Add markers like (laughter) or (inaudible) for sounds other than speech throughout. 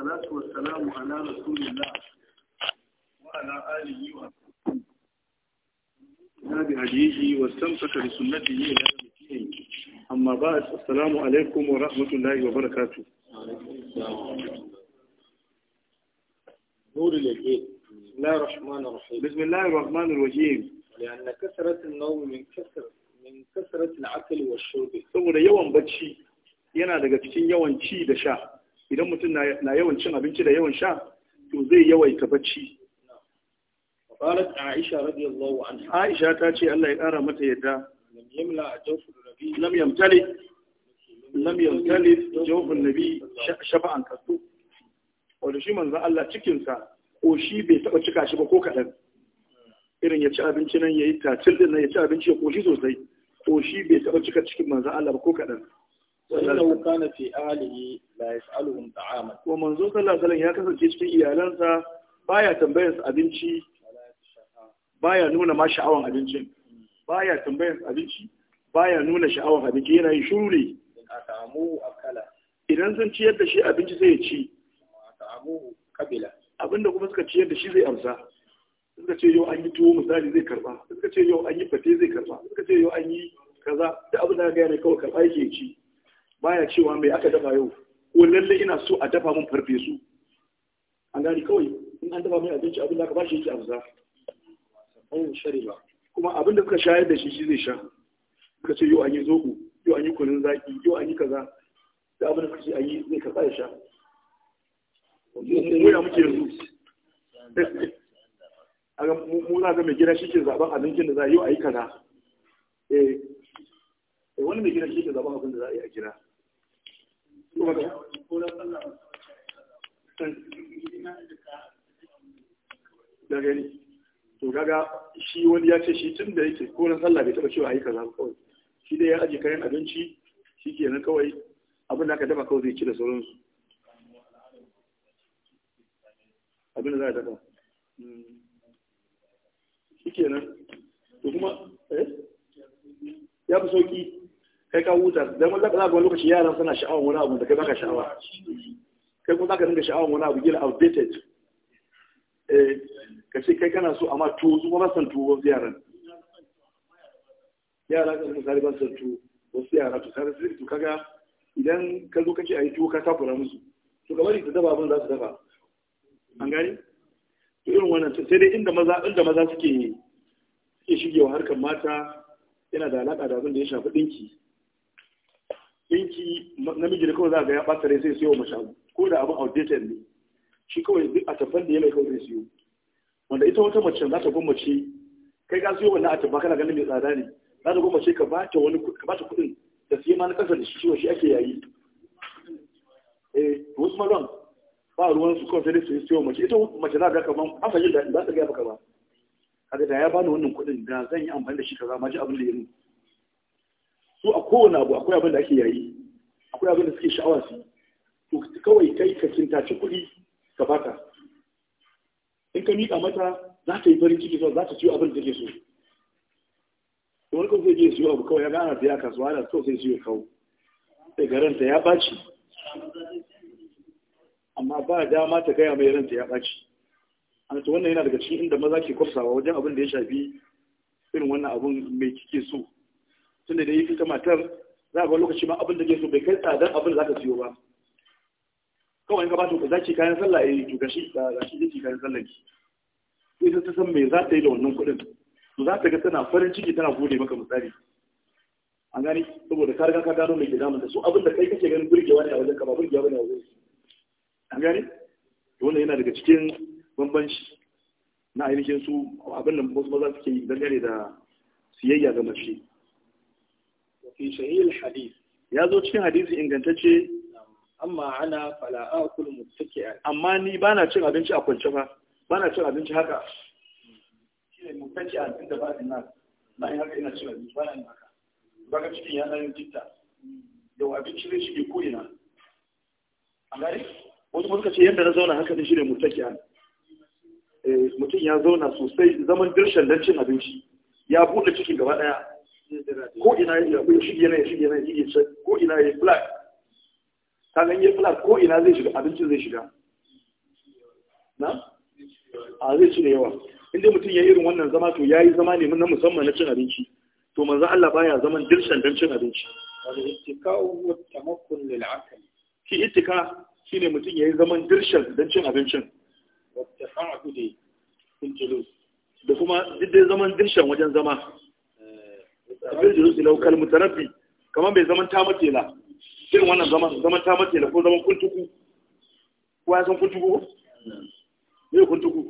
salatu wa salamu ala rasulillah wa ala alihi wa sahbihi wa alihi wa sanfaka bi sunnatihi ila yawmiddin amma ba'd assalamu alaikum wa rahmatullahi wa barakatuh بسم الله الرحمن الرحيم لأن كثرة النوم من كثرة من كثرة العقل والشرب ثم يوم بتشي ينادق تشين يوم تشي دشا idan mutum na yawan cin abinci da yawan sha to zai yawaita bacci qalat aisha radiyallahu anha aisha ta ce Allah ya kara mata yadda lam yamla jawful nabi lam yamtali lam yamtali jawful nabi shafa'an kasu wanda shi manzo Allah cikin sa ko shi bai taba cika shi ba ko kadan irin ya ci abinci nan yayi tatil din nan ya ci abinci ya koshi sosai ko shi bai taba cika cikin manzo Allah ba ko kadan wannan kana fi ahlihi la yas'aluhum ta'ama ko manzo sallallahu alaihi ya kasance cikin iyalansa baya tambayar su abinci baya nuna ma sha'awan abinci. baya tambayar su abinci baya nuna sha'awan abinci yana yin shuri idan sun ciyar da shi abinci zai ci abinda kuma suka ciyar da shi zai amsa suka ce yau an yi tuwo misali zai karba suka ce yau an yi fate zai karba suka ce yau an yi kaza da abin da ga ne kawai karba yake ci baya cewa mai aka dafa yau ko lalle ina so a dafa mun farfesu an gani kawai in an dafa mai abinci abin da aka bashi yake abuza ayin shari ba kuma abin da kuka shayar da shi shi zai sha kuka ce yau an yi zoɓo yau an yi kunun zaki yau an yi kaza da abin da kuka ce an yi zai karɓa ya sha mu da muke yanzu a (laughs) ga mu za ga mai gida shi ke zaɓen abincin da za a yi yau a yi kaza eh, eh wani mai gida shi ke zaɓen abin da za a yi a gida da gani to gaga shi wani ya ce shi tun da yake ko na sallah bai taba cewa ayi kaza kawai shi dai ya aje kayan abinci shi ke nan kawai abin da aka dafa kawai zai ci da sauransu abin da za a dafa hmm. shi ke nan to kuma eh ya fi sauki kai ka huta dan wani zaka wani lokaci yaran suna sha'awar wani abu da kai baka sha'awa kai kuma zaka dinga sha'awar wani abu gila outdated eh ka ce kai kana so amma tuwo su ba san tuwo wasu yaran yara kan misali ba san tuwo wasu yara to sai su to kaga idan ka zo kace ayi tuwo ka takura musu to kamar ita daba abin za su dafa an gani to irin wannan sai dai inda maza inda maza suke suke shigewa harkar mata yana da alaka da abin da ya shafi dinki ɗinki namiji da kawai za ga ya ɓata rai sai siyo mace ko da abin outdated ne shi kawai duk a tabbar da ya mai kawai zai siyo wanda ita wata mace za ta gwammace kai ka siyo wannan a tabba kana ganin mai tsada ne za ta gwammace ka bata wani ka bata kuɗin da siya ma na ƙasa da shi shi ake yayi eh wasu mazan ba ruwan su kawai sai siyo mace ita mace za ga kaman an fahimta daɗi za ta gaya maka ba kaga da ya bani wannan kuɗin da zan yi amfani da shi kaza ma ji abin da ya nuna su a kowane abu akwai abin da ake yayi akwai abin da suke sha'awa su to kawai kai ka kintace kuɗi ka baka in ka miƙa mata za ta yi farin ciki za ta siyo abin da take so To wani kawai zai je siyo abu kawai ya gana ana ya kasuwa ana so sai siyo kawo sai garanta ya ɓaci amma ba dama ta gaya mai ranta ya ɓaci an ta wannan yana daga cikin inda maza ke kwafsawa wajen abin da ya shafi irin wannan abin mai kike so tunda da yi ita matar za ga lokaci ma abin da ke so bai kai tsadar abin da za ka siyo ba kawai ka ba ta za ki kayan sallah yi eh, to gashi za shi ki kayan sallah ki sai ta san me za ta yi da wannan kuɗin to za ta ga tana farin ciki tana gode maka misali an gani saboda ka riga ka gano mai gida da su abin da kai kake ganin burgewa ne a wajen ka ba burgewa ne a wajen an gani to wannan yana daga cikin bambanci na ainihin su abin da wasu maza suke yi dangane da siyayya ga mace fi sahih hadith ya zo cikin hadisi ingantacce amma ana fala akul muttaki'an amma ni bana cin abinci a kwance Ba bana cin abinci haka shine muttaki'an da ba ni nan ba ina haka ina cin abinci bana ni haka baka cikin yana yin jitta yau abinci ne shi ko ina a wasu kuma ce yadda na zauna haka ne shine muttaki'an eh, mutum ya zauna sosai zaman dirshan don cin abinci ya buɗe cikin gaba ɗaya ko ina ya akwai shi yana ya shige nan ya ko ina ya flag ka ga ko ina zai shiga abincin zai shiga na a zai ci da yawa inda mutum ya irin wannan zama to ya yi zama ne na musamman na cin abinci to manzo Allah baya zaman dirshan don cin abinci Wani ittika'u wa tamakkun lil akal shi ittika shine mutum ya yi zaman dirshan don cin abincin wa tafa'u da da kuma duk zaman dirshan wajen zama bil julusi law kal mutarabbi kamar bai zaman ta matela irin wannan zaman zaman ta matela ko zaman kuntuku ko ya san kuntuku ne kuntuku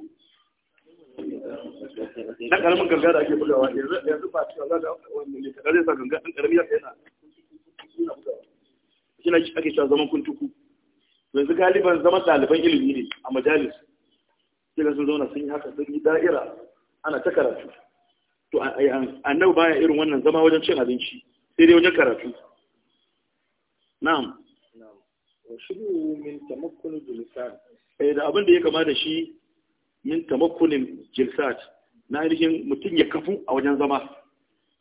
na karamin ganga da ake bugawa yanzu ba cewa za da wani ne kadar zai sa ganga ɗan karami yadda yana shi na ake cewa zaman kuntuku yanzu galiban zaman ɗaliban ilimi ne a majalis sai sun zauna sun yi haka sun yi da'ira ana ta karatu to annabi baya irin wannan zama wajen cin abinci sai dai wajen karatu na'am shiru min tamakkun jilsat eh da abin da ya kama da shi min tamakkun jilsat na rikin mutum ya kafu a wajen zama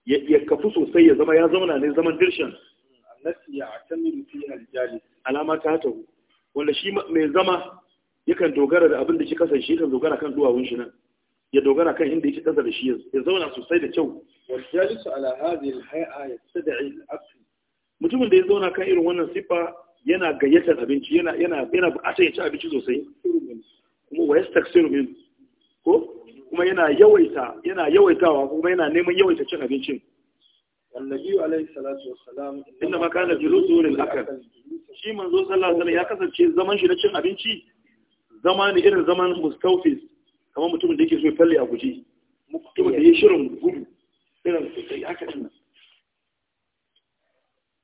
ya kafu sosai ya zama ya zauna ne zaman dirshan annati ya atamiru fi aljali alama ta ta wanda shi mai zama yakan dogara da abin da shi kasance yakan dogara kan duwawun shi nan ya dogara kan inda yake kasa da shi ya zauna sosai da kyau wajalisu ala hadhihi alhay'a yastad'i al-aql mutumin da ya zauna kan irin wannan sifa yana gayyatar abinci yana yana yana buƙatar ya ci abinci sosai kuma wa yastaksiru min ko kuma yana yawaita yana yawaitawa kuma yana neman yawaita cin abincin annabi alaihi salatu wassalam inna ma kana julusu lil akal shi manzo sallallahu alaihi wasallam ya kasance zaman shi na cin abinci zama ne irin zaman mustawfis kamar mutumin da yake so ya falle a guji mutumin da ya shirin gudu irin sosai haka ɗin nan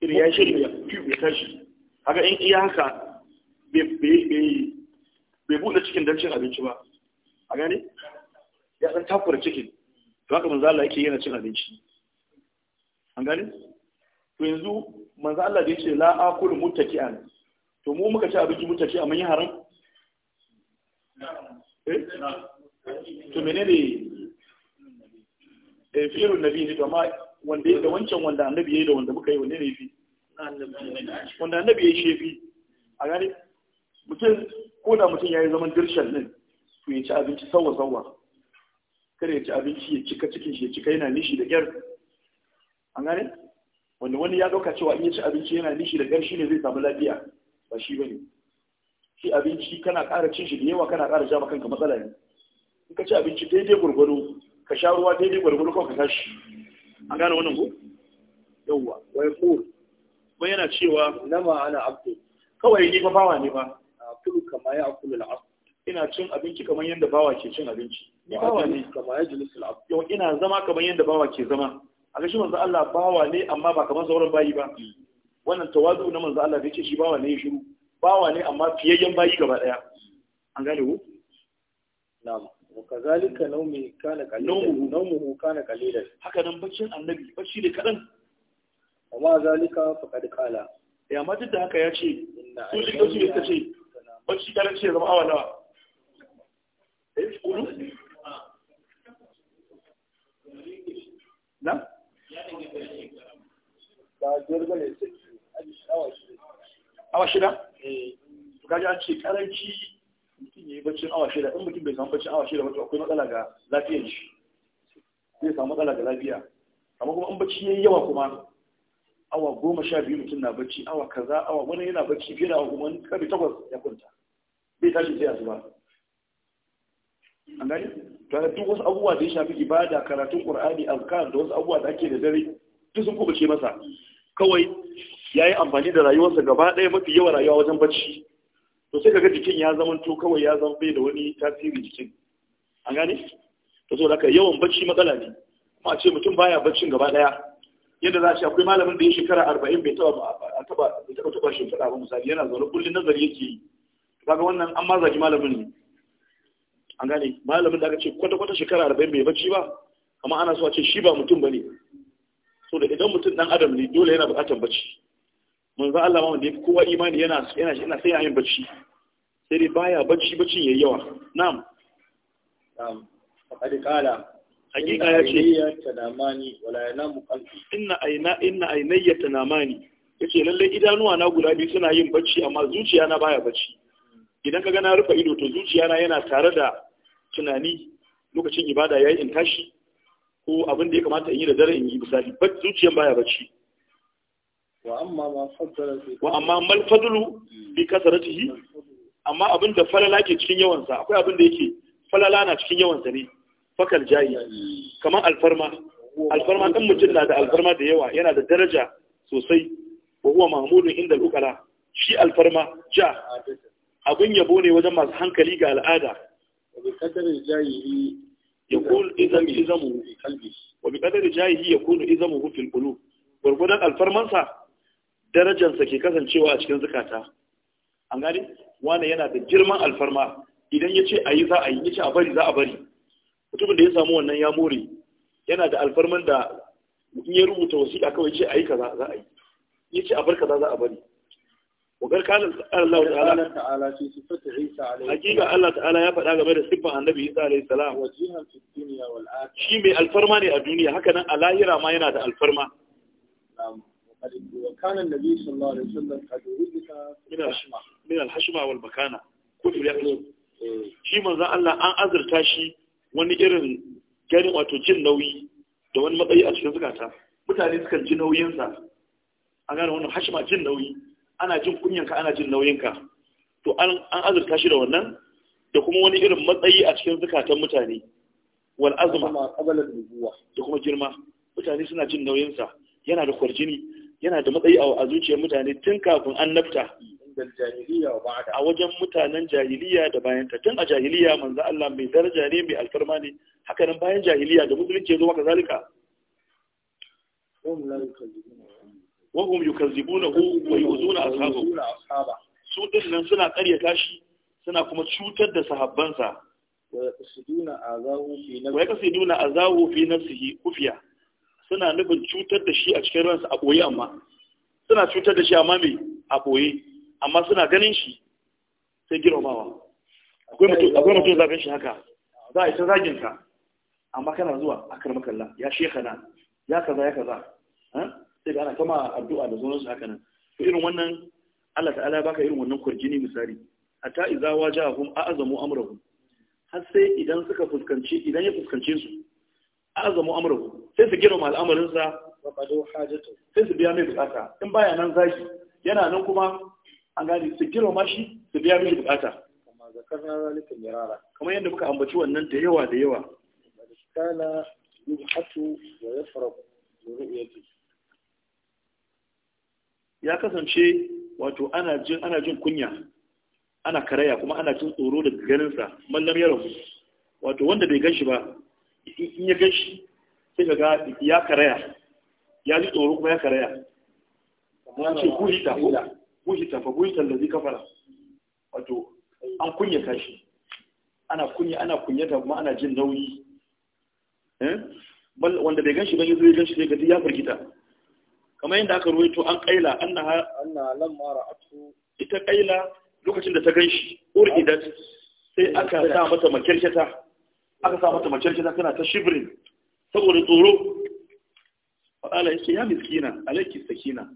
irin ya shirin ya fi ya tashi haka in iya haka bai buɗe cikin don cin abinci ba a gane ya ɗan takwar cikin to haka manzo Allah yake yana cin abinci an gane to yanzu manzo Allah da yace la mutaki muttaki'an to mu muka ci abinci muttaki amma yi haram eh to menene eh fi'lun nabi ne to amma wanda da wancan wanda annabi yayi da wanda muka yi wanne ne fi wanda annabi yayi shefi a gani mutum ko da mutum yayi zaman dirshan din to ya ci abinci sawa sawa kada ya ci abinci ya cika cikin shi ya cika yana nishi da gyar an gane wanda wani ya dauka cewa in ya ci abinci yana nishi da gyar shine zai samu lafiya ba shi bane shi abinci kana ƙara cin shi da yawa kana ƙara ja maka matsala ne ka ci abinci daidai gwargwado ka sha ruwa daidai gwargwado kawai ka tashi an gane wannan ko yawwa wai ko kuma yana cewa lama ana abdu kawai ni fa bawa ne ba akulu kama ya akulu al'abd ina cin abinci kamar yadda bawa ke cin abinci ni bawa ne kama ya jilisul abd yau ina zama kamar yadda bawa ke zama a gashi manzo Allah bawa ne amma ba kamar sauran bayi ba mm. wannan tawazu na manzo Allah da yake shi bawa ne ya shiru bawa ne amma fiyayyen bayi gaba daya an gane ku na'am وكذلك نومه كان قليلا نومه نومه كان قليلا هكذا بشين النبي zalika faqad qala ya ma duk da haka ya ce su duk da su ya ce bacci kana ce zama awa nawa eh kulu na ba jirga ne sai awa shida awa shida eh to ce karanci mutum ya yi baccin awa shida in mutum bai samu baccin awa shida wato akwai matsala ga lafiyar shi zai samu matsala ga lafiya amma kuma in bacci ya yi yawa kuma awa goma sha biyu mutum na bacci awa kaza awa wani yana bacci fiye da awa wani karfe takwas ya kwanta bai tashi sai asuba an gani to ga duk wasu abubuwa da ya shafi ibada karatun qur'ani azkar da wasu abubuwa da ake da dare duk sun kubuce masa kawai ya yi amfani da rayuwarsa gaba ɗaya mafi yawa rayuwa wajen bacci to sai kaga jikin ya zama to kawai ya zama bai da wani tasiri jikin an gane to so haka yawan bacci matsala ne kuma a ce mutum baya baccin gaba daya yadda za a ce akwai malamin da ya shekara arba'in bai taba taba bai taba taba shekara ba misali yana zaune kullum nazari yake yi kaga wannan an ma zagi malamin ne an gane malamin da aka ce kwata kwata shekara arba'in bai bacci ba amma ana so a ce shi ba mutum bane so da idan mutum dan adam ne dole yana buƙatar bacci manzo Allah ma wanda kowa imani yana yana yana sai yayin bacci sai dai baya bacci bacci yayi yawa na'am na'am faqad qala hakika ya ce tanamani wala yanamu qalbi inna ayna inna aynayya tanamani yace lalle idanuwa na guda biyu suna yin bacci amma zuciya na baya bacci idan ka ga na rufe ido to zuciya na yana tare da tunani lokacin ibada yayi in tashi ko abin da ya kamata in yi da dare in yi misali zuciyan baya bacci wa amma Malfadulu fadlu bi kasaratihi amma abin da falala ke cikin yawansa akwai abin da yake falala na cikin yawansa ne fakal jayi kamar alfarma alfarma ɗan mutum na da alfarma da yawa yana da daraja sosai wa huwa mahmudun inda al'ukala shi alfarma ja abin yabo ne wajen masu hankali ga al'ada yakun izam izamu wa bi qadari jayi yakunu izamuhu fil qulub gurgudan alfarmansa darajarsa ke kasancewa a cikin zukata an gani wane yana da girman alfarma idan ya ce a yi za a yi ya ce a bari za a bari mutumin da ya samu wannan ya more yana da alfarman da in ya rubuta wasiƙa kawai ce a yi kaza za a yi ya ce a bar kaza za a bari wakar kanin Allah ta'ala fi sifati Isa alaihi hakika Allah ta'ala ya faɗa game da siffan annabi Isa alaihi salam shi mai alfarma ne a duniya haka nan a lahira ma yana da alfarma وكان النبي صلى الله عليه وسلم قد رزق من الحشمة من الحشمة والمكانة كل يقول shi manzan Allah an azurta shi wani irin ganin wato jin nauyi da wani matsayi a cikin zukata mutane sukan ji nauyinsa a gane wannan hashima jin nauyi ana jin kunyanka ana jin nauyinka to an azurta shi da wannan da kuma wani irin matsayi a cikin zukatan mutane wal azma da kuma girma mutane suna jin nauyinsa yana da kwarjini yana da matsayi a zuciyar mutane tun kafin an nafta. a wajen mutanen jahiliya da bayan ta tun a jahiliya manzo Allah mai daraja ne mai alfarma ne haka nan bayan jahiliya da musulunci ya zo maka zalika wa hum yukazzibunahu wa yuzuna ashabu su din nan suna ƙaryata shi suna kuma cutar da sahabbansa wa yakasiduna azahu fi nafsihi kufiya suna nufin cutar da shi a cikin ransu a ɓoye amma suna cutar da shi amma mai a ɓoye amma suna ganin shi sai girmamawa akwai mutum zafin shi haka za a isa zaginka amma kana zuwa a karmakalla ya shekana ya kaza ya kaza sai ga ana kama addu'a da zonarsu haka nan to irin wannan Allah ta'ala baka irin wannan kwarjini misali wa idza wajahum a'azamu amurahu har sai idan suka fuskanci idan ya fuskance su azamu amru sai su girma al'amarin sa wa qadu hajatu sai su biya mai bukata in baya nan zaki yana nan kuma an gani su girma shi su biya mai bukata zalika mirara kamar yadda muka ambaci wannan da yawa da yawa kana yubhatu wa ru'yati ya kasance wato ana jin ana jin kunya ana karaya kuma ana jin tsoro daga ganinsa mallam ya wato wanda bai ganshi ba in ya gan shi sai ga ya karaya ya ji tsoro kuma ya karaya amma ce kuhita kuhita fa kuhita da zai kafara wato an kunya kashi ana kunya ana kunyata kuma ana jin nauyi eh? wanda bai gan shi ban yi zai gan shi sai ga ya firgita kamar yadda aka ruwaito an kaila annaha anna lamma ra'atu ita kaila lokacin da ta gan shi uridat sai aka sa mata makirkata aka sa mata mace gida tana ta shibrin saboda tsoro ya ce ya miskina alaiki sakina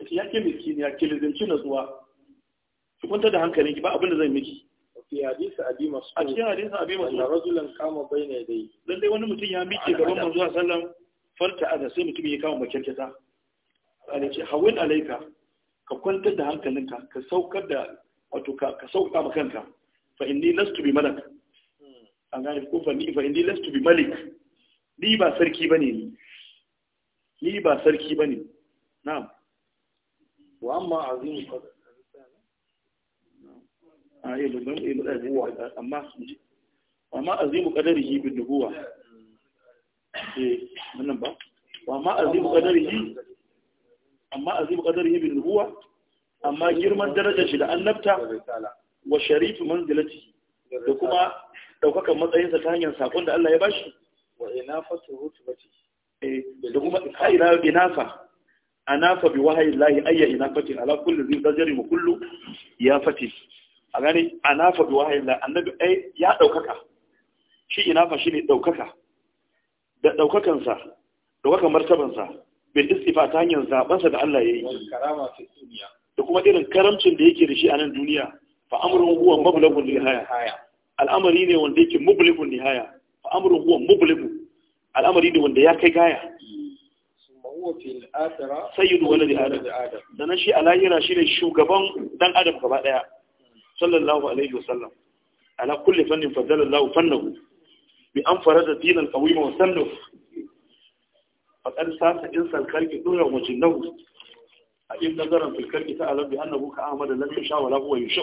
yace ya ke miskini ya ke lizinci zuwa ki kwanta da hankalinki ba abin da zan miki fi hadisi abi mas'ud a cikin hadisi abi mas'ud rajulan kama bayna yadayhi dan dai wani mutum ya miƙe gaban manzo sallallahu sallan wasallam farta aza sai mutum ya kama makyarkata ana ce hawin alaika ka kwantar da hankalinka ka saukar da wato ka sauka ma kanka fa inni lastu bi malaka an gane ko fa ni fa indi lastu bi malik ni ba sarki bane ni ni ba sarki bane na'am wa amma qadar a nubuwa amma amma azimu qadarihi bin nubuwa eh ba wa amma azimu qadarihi amma azimu qadarihi bin nubuwa amma girman darajar shi da annabta wa sharifu manzilatihi da kuma ɗaukakan matsayinsa ta hanyar sakon da Allah ya bashi wa inafatu rutubati eh, da kuma ka'ira inafa anafa bi wahayi lahi ayya inafatin ala kulli zai dajari wa kullu ya fati a gani anafa bi wahayi lahi annabi ai ya ɗaukaka shi inafa shi ne ɗaukaka da ɗaukakansa ɗaukakan martabansa bil istifa ta hanyar zaɓensa da Allah ya yi da kuma irin karamcin da yake da shi a nan duniya fa amrun huwa mablaghun nihaya al'amari ne wanda yake mublaghun nihaya fa amrun huwa mublighu al'amari ne wanda ya kai gaya sayyidu da adam da na shi alayira shi ne shugaban dan adam gaba daya sallallahu alaihi wasallam ala kulle fannin faddala Allah fannahu bi an fara da dinan qawima wa sannu faqad sasa insan kalki dora wajinahu a in nazaran fil kalki ta alam bi annahu ka ahmad lam yasha wa la huwa yasha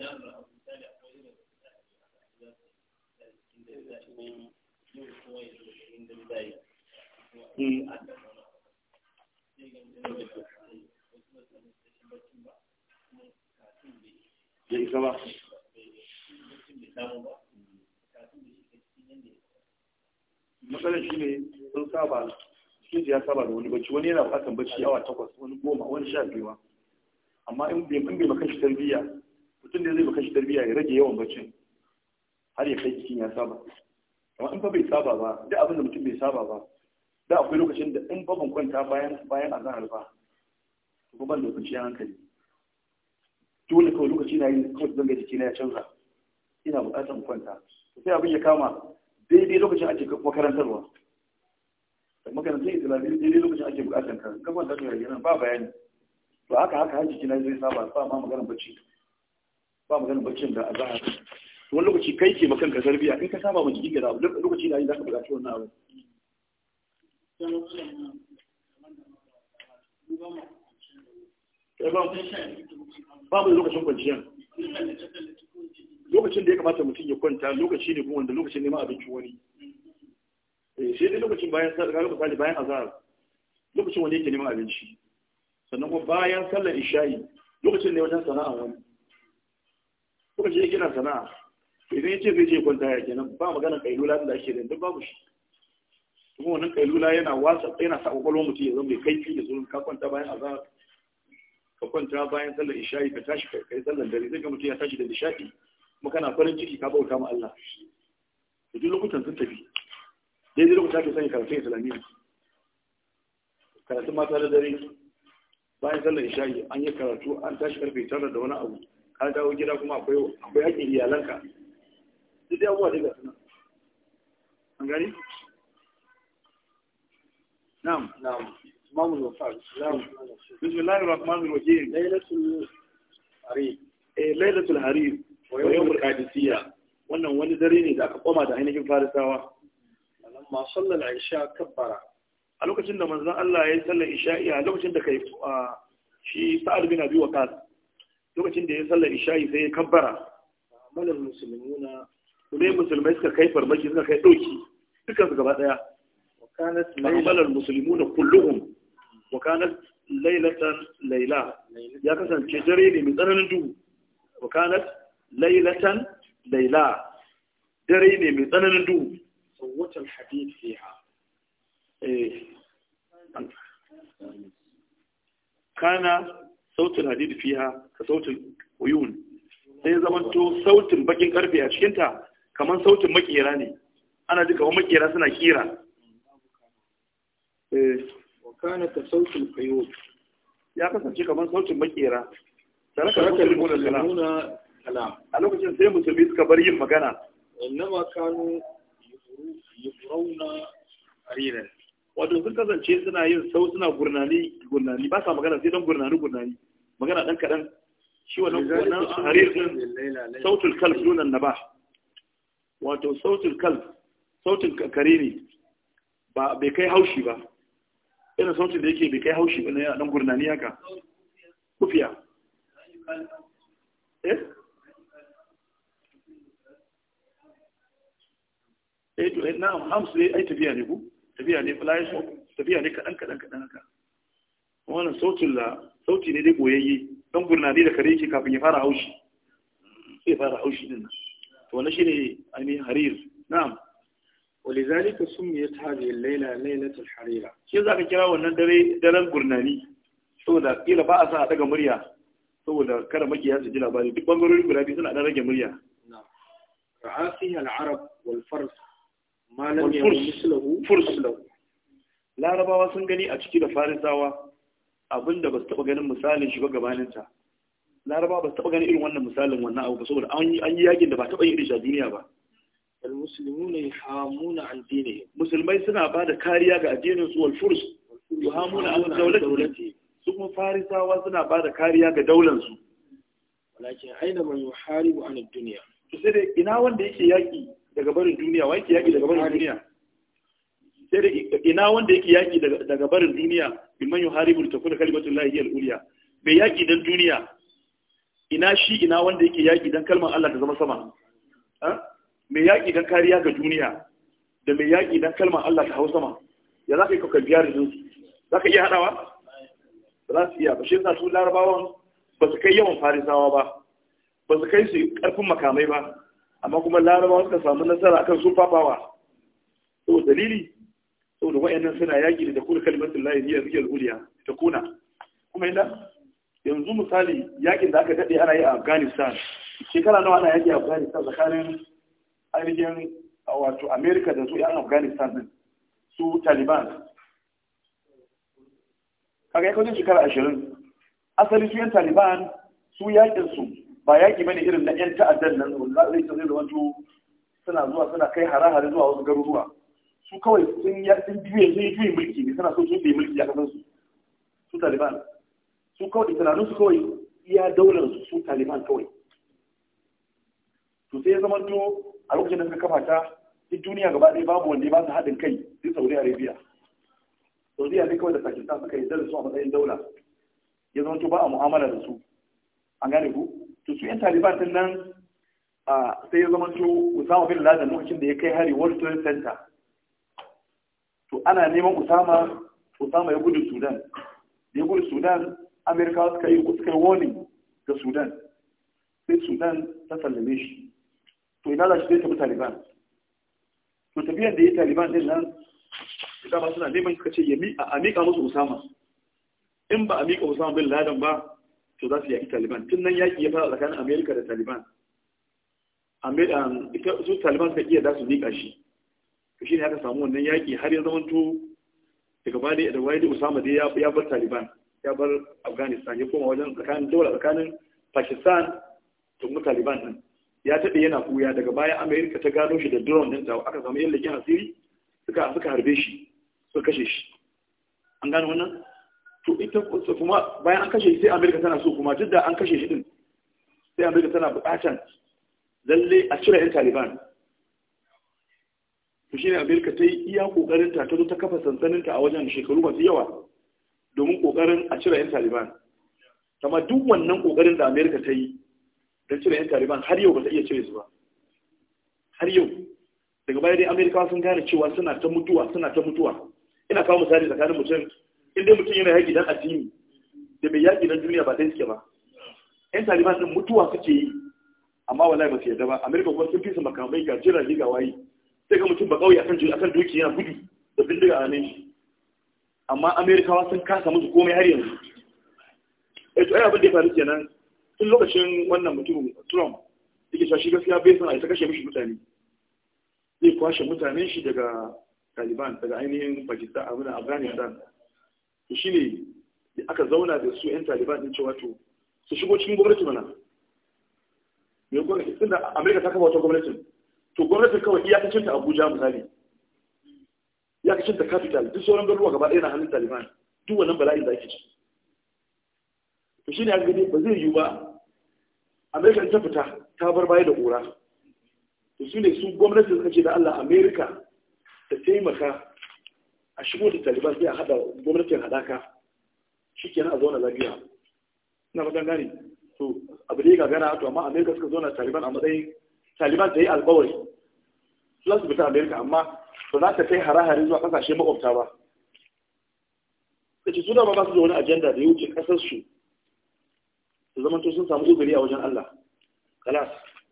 ya isa ba matsalar shi ne sun saba shi ya saba da wani bacci wani yana fatan bacci awa takwas wani goma wani sha biyu amma in bai makan shi tarbiyya mutum da zai baka shi tarbiyya ya rage yawan baccin har ya kai cikin ya saba amma in fa bai saba ba duk abin da mutum bai saba ba da akwai lokacin da in fa ban kwanta bayan bayan azan alfa ko ban da kwanciyar hankali dole kawai lokaci na yi kawai ga jiki na ya canza ina buƙatar kwanta sai abin ya kama daidai lokacin ake makarantarwa da makarantar dai daidai lokacin ake buƙatar kan gaban da ya yi ba bayani to haka haka har jiki na zai saba ba ma maganar bacci ba maganin baccin da to wani lokaci kai ke makan ka tarbiya in ka saba ma jikin da abu lokaci da za ka shi wannan abu eh, ba mu lokacin kwanciya lokacin da ya kamata mutum ya kwanta lokaci ne kuma wanda lokacin neman abinci wani eh, sai dai lokacin bayan kaga misali bayan azhar lokacin wanda yake neman abinci sannan kuma bayan sallar isha'i lokacin ne wajen sana'a wani kuma shi gina sana'a idan yace zai je kwanta ya kenan ba magana kailula da ake da duk babu shi kuma wannan kailula yana wasa yana sa kwakwalwar mutum ya zama kai kaifi da zuwa ka kwanta bayan azhar ka kwanta bayan sallar isha'i ka tashi kai sallar dare zai ga mutum ya tashi da nishaɗi kuma kana farin ciki ka bauta ma Allah da duk lokutan sun tafi daidai lokuta ka sanya karatun islamiyya karatun mata da dare bayan sallar isha'i an yi karatu an tashi karfe tara da wani abu ka dawo gida kuma akwai akwai haƙƙin iyalanka duk abubuwa dai ga suna an gani na'am na'am imamu al-wafaq na'am bismillahir rahmanir rahim lailatul harir eh lailatul harir wa yawmul qadisiyya wannan wani dare ne da aka koma da ainihin farisawa Ma sallal aisha kabbara a lokacin da manzon Allah ya yi sallar isha'i a lokacin da kai shi sa'ad bin abi waqas lokacin da ya sallar isha'i sai ya kabbara amalar musulmuna kuma musulmai suka kai farmaki suka kai doki dukkan su gaba daya malar amalar musulmuna kulluhum wakanar lailatan laila ya kasance dare ne mai tsananin duhu wakanar lailatan laila dare ne mai tsananin duhu sawwatul hadith fiha eh kana sautin hadidi fiha ka sautin uyun sai zamanto sautin bakin karfe a cikinta kamar sautin makera ne ana ji kamar makera suna kira eh. wakana ta sautin kayo ya kasance kamar sautin makera sarakar ka nuna kalam a lokacin sai musulmi suka bar yin magana innama kanu yufrauna ariran wato sun kasance suna yin sau suna gurnani gurnani ba sa magana sai don gurnani gurnani magana ɗan kaɗan shi wannan wannan harir din sautul kalb dunan ba wato sautul kalb sautin kare ne ba bai kai haushi ba ina sautin da yake bai kai haushi ba na yana dan gurnani haka kufiya eh eh to eh, na hamsu dai ai tafiya ne ku tafiya ne tafiya ne kaɗan kaɗan kaɗan haka wannan sautin la sauti ne dai boyayye don gurnani da kare yake kafin ya fara haushi sai fara haushi din nan to wannan shine ainihin harir na'am ولذلك سميت هذه الليلة ليلة الحريرة شيء ذاك kira wannan dare daren gurnani saboda kila ba a sa daga murya saboda kada makiya su ji labari duk bangarorin guda biyu suna dan rage murya ra'asiha al-arab wal fars ma lam mislahu larabawa sun gani a ciki da farisawa abinda ba su taba ganin misalin shi ba gabaninta laraba ba su taba ganin irin wannan misalin wannan abu ba saboda an yi yakin da ba taba yi irin shi a duniya ba musulmai suna ba da kariya ga addinin su wal furs yahamuna an dawlati su kuma farisawa suna ba da kariya ga daular su walakin aina man yuharibu an ad-dunya sai ina wanda yake yaki daga barin duniya wai yake yaki daga barin duniya sai ina wanda yake yaki daga barin duniya man yuharibu takuna kalimatu llahi hiya al-ulya bai yaki dan duniya ina shi ina wanda yake yaki dan kalmar Allah ta zama sama mai yaki dan kariya ga duniya da mai yaki dan kalmar Allah ta hau sama ya zaka yi kokar biyar da su zaka iya hadawa za su iya ba shi yasa su larabawan ba su kai yawan farisawa ba ba su kai su karfin makamai ba amma kuma larabawa suka samu nasara akan su fafawa to dalili saboda wa'annan suna yaƙi da takuna kalimatul lahi hiya ziyal uliya takuna kuma inda yanzu misali yaƙin da aka daɗe ana yi a Afghanistan shekara nawa ana yaƙi a Afghanistan tsakanin ainihin wato America da su yan Afghanistan din su Taliban kaga ya kwanci shekara ashirin asali su yan Taliban su yaƙin su ba yaƙi bane irin na yan ta'addan nan wanda zai zai zama suna zuwa suna kai hare-hare zuwa wasu garuruwa su kawai sun yi sun juye sun yi juyin mulki ne suna so su yi mulki a kasan su su taliban su kawai tunanin su kawai iya daular su su taliban kawai to sai ya zama to a lokacin da suka kafa ta duk duniya gaba ɗaya babu wanda ba su haɗin kai sai saudi arabia saudi ne kawai da pakistan suka yi su a matsayin daula ya zama to ba a mu'amala da su an gane ku to su yan taliban din nan sai ya zama to usama bin laden lokacin da ya kai hari world trade center to ana neman usama usama ya gudu sudan ya gudu sudan amerika suka yi suka warning ga sudan sai sudan ta sallame shi to ina za shi zai tafi taliban to tafiyar da ya taliban din nan ba suna neman suka ce a miƙa musu usama in ba a miƙa usama bin laden ba to za su yaƙi taliban tun nan yaƙi ya fara tsakanin amerika da taliban um, su taliban suka iya za su miƙa shi shi ne aka samu wannan yaƙi har ya zamanto daga bani da wani usama da ya bar taliban ya bar afghanistan ya koma wajen tsakanin dole tsakanin pakistan da kuma taliban din ya taɓe yana kuya daga baya amerika ta gano shi da drone ta aka samu yin leƙen asiri suka suka harbe shi suka kashe shi an gano wannan to ita kuma bayan an kashe shi sai amerika tana so kuma duk da an kashe shi din sai amerika tana buƙatan lalle a cire yan taliban shi ne amerika ta yi iya kokarin ta ta kafa sansanin ta a wajen shekaru masu yawa domin kokarin a cire yan taliban amma duk wannan kokarin da amerika ta yi don cire yan taliban har yau ba ta iya cire su ba har yau daga baya dai amerika sun gane cewa suna ta mutuwa suna ta mutuwa ina kawo misali tsakanin mutum in dai mutum yana yaƙi dan addini da bai yaƙi dan duniya ba dai suke ba yan taliban din mutuwa suke yi amma wallahi ba su yarda ba amerika kuma sun fi su makamai ga jirage ga wayi sai ga mutum ba kawai akan akan doki yana gudu da bindiga a nan shi amma amerikawa sun kasa musu komai har yanzu eh to ai abin da ya faru kenan tun lokacin wannan mutum Trump yake cewa shi gaskiya bai san a isa kashe mishi mutane zai kwashe mutanen shi daga Taliban daga ainihin Pakistan abin Afghanistan to shine aka zauna da su 'yan taliban din cewa to su shigo cikin gwamnati mana mai kuma tunda amerika ta kafa wata gwamnatin to gwamnatin kawai kacin ta abuja misali kacin ta capital duk sauran garuruwa gaba ɗaya na hannun taliban duk wannan bala'in da ake ci to shi ne aka gani ba zai yiwu ba amerika ta fita ta bar baya da ƙura to su ne su gwamnati suka ce da allah amerika ta taimaka a shigo da taliban sai a haɗa gwamnatin haɗaka shi kenan a zauna lafiya ina ba gane to abu ya gagara to amma amerika suka zauna taliban a matsayin taliban ta yi alkawari su za su fita amerika amma ba za ta kai harahari zuwa kasashe makwabta ba kace su suna ba su da wani ajanda da ya wuce kasarsu su su zama sun samu uzuri a wajen Allah kalas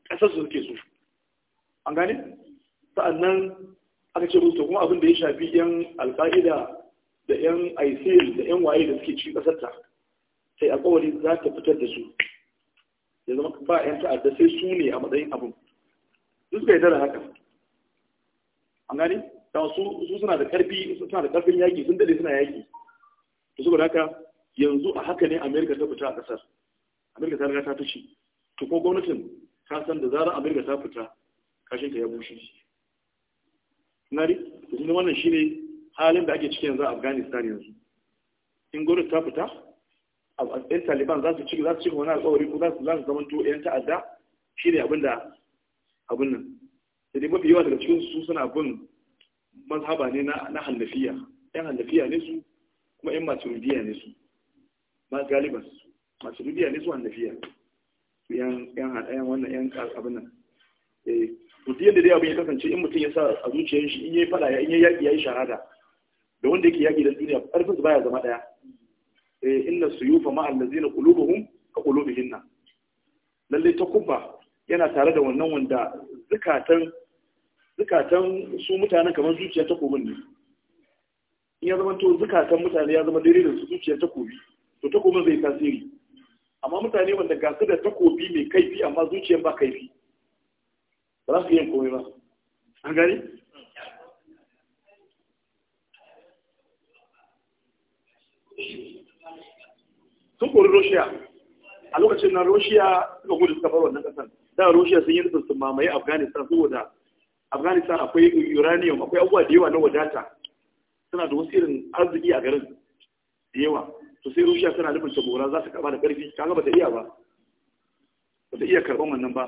kasarsu su suke so an gane sa'annan aka ce musu kuma abin da ya shafi yan alƙa'ida da yan isil da yan waye da suke cikin kasar ta sai alkawari za ta fitar da su ya zama ba yan ta'adda sai su ne a matsayin abin su bai yarda da haka an gani ta su suna da karfi suna da karfin yaki sun dade suna yaki to saboda haka yanzu a haka ne America ta fita a kasar America ta riga ta fice to ko gwamnatin ta san da zarar America ta fita kashin ta ya bushe nari to kuma wannan shine halin da ake ciki yanzu a Afghanistan yanzu in gwamnati ta fita ɗan taliban za su ci za su ci wani alƙawari ko za su zama to yan ta'adda shine abin da abin nan sai dai mafi yawa daga cikin su suna bin mazhaba ne na halafiya. yan halafiya ne su kuma yan maturidiya ne su ma galiban su maturidiya ne su hannafiya yan yan wannan yan abin nan eh duk da dai abin ya kasance in mutum ya sa a zuciyar shi in yayi fada ya in yayi yaki yayi shahada da wanda yake yaki da duniya karfin su baya zama daya eh inna suyufa ma'al allazina qulubuhum ka qulubihinna lalle ta kubba yana tare da wannan wanda zukatan su mutanen kamar zuciya ta kobin ne in ya zama to zukatan mutane ya zama daidai da su zuciya ta kobi to ta kobin zai tasiri amma mutane wanda ga su da takobi mai kaifi amma zuciyar ba kaifi ba za su yin komai ba an gani sun kori roshiya a lokacin na roshiya suka gudu suka bar wannan kasar da russia sun yi nufin su mamaye afghanistan saboda afghanistan akwai uranium akwai abubuwa da yawa na wadata suna da wasu irin arziki a garin da yawa to sai russia tana nufin ta gora za su karba da karfi kaga ba ta iya ba ba ta iya karban wannan ba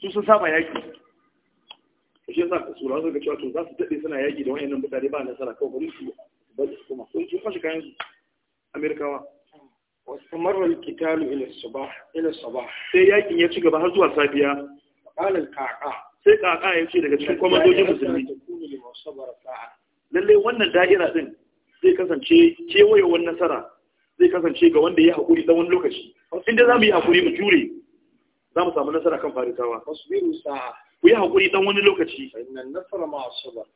su sun saba yaki to shi yasa su rasu ga cewa to za su dade suna yaki da wayannan mutane ba nasara kawai bari su ba su kuma sun kashe kayan su amerikawa واستمر القتال إلى الصباح إلى الصباح sai yakin ya ci gaba har zuwa safiya qala al-qaqa sai qaqa ce daga cikin komandojin musulmi lalle wannan da'ira din zai kasance kewayewar nasara zai kasance ga wanda ya haƙuri tsawon lokaci inda za mu yi haƙuri mu jure za mu samu nasara kan farisawa ku yi haƙuri ɗan wani lokaci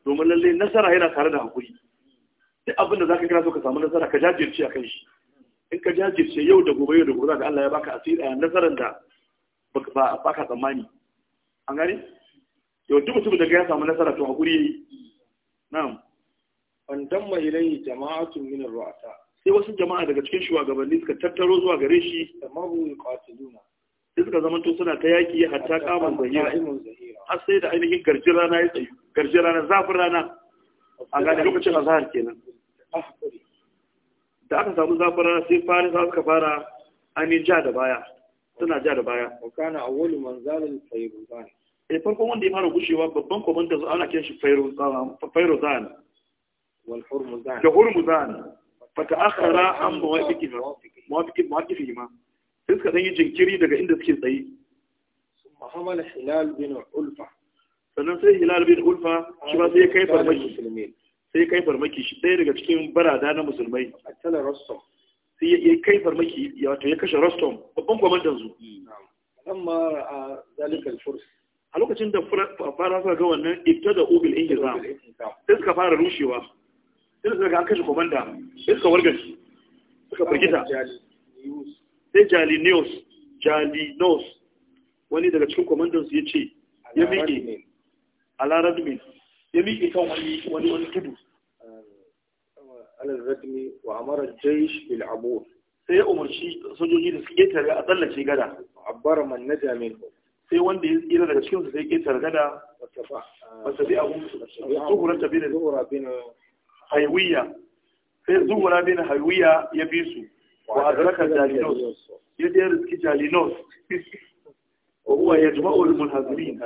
domin lallai nasara yana tare da hakuri. duk abinda da za ka kira so ka samu nasara ka jajirce a kan shi in ka jajirce yau da gobe yau da gobe ka Allah ya baka asiri a eh, nazarin da ba baka tsammani an gani? yau duk mutum da ya samu nasara to hakuri yayi na'am an damma ilayhi jama'atun min ar-ru'asa sai wasu jama'a daga cikin shugabanni suka tattaro zuwa gare shi tamamu yuqatiluna sai suka zama to suna ta yaki hatta kaman zahira har sai da ainihin garjin rana ya tsayu garjin rana zafin rana a gani lokacin azhar kenan da aka samu zafin rana sai sa suka fara ainihin ja da baya suna ja da baya wa kana awwalu man zalal fayruzan eh farko wanda ya fara gushewa babban komandan su ana kiran shi fayruzan fayruzan wal hurmuzan da hurmuzan fa ta'akhara an muwafiqi muwafiqi muwafiqi ma sai suka dan jinkiri daga inda suke tsaye hamala hilal bin ulfa sannan sai hilal bin ulfa shi ba sai ya kai farmaki sai kai farmaki shi ɗaya daga cikin barada na musulmai a tala rostom sai ya kai farmaki ya wato ya kashe rostom babban kwamandan su hmm. amma a zalikal furs a lokacin da fara suka ga wannan ita da obil ingiza sai suka fara rushewa sai suka ga an kashe kwamanda sai suka wargaci suka firgita sai Jali news. wani daga cikin kwamandansu su ya ce ya miƙe a ya miƙe kan wani wani wani tudu alal radmi wa amara jaysh bil abur sai umarci sojoji da suke tare a tsallace gada abbara man naja sai wanda ya tsira daga cikin su sai tare gada wata bi abu zuhura ta zuhura bin haywiya sai zuhura bin haywiya ya bi su wa adraka jalinos ya da riski jalinos (laughs) wa huwa yajma'u al munhazirin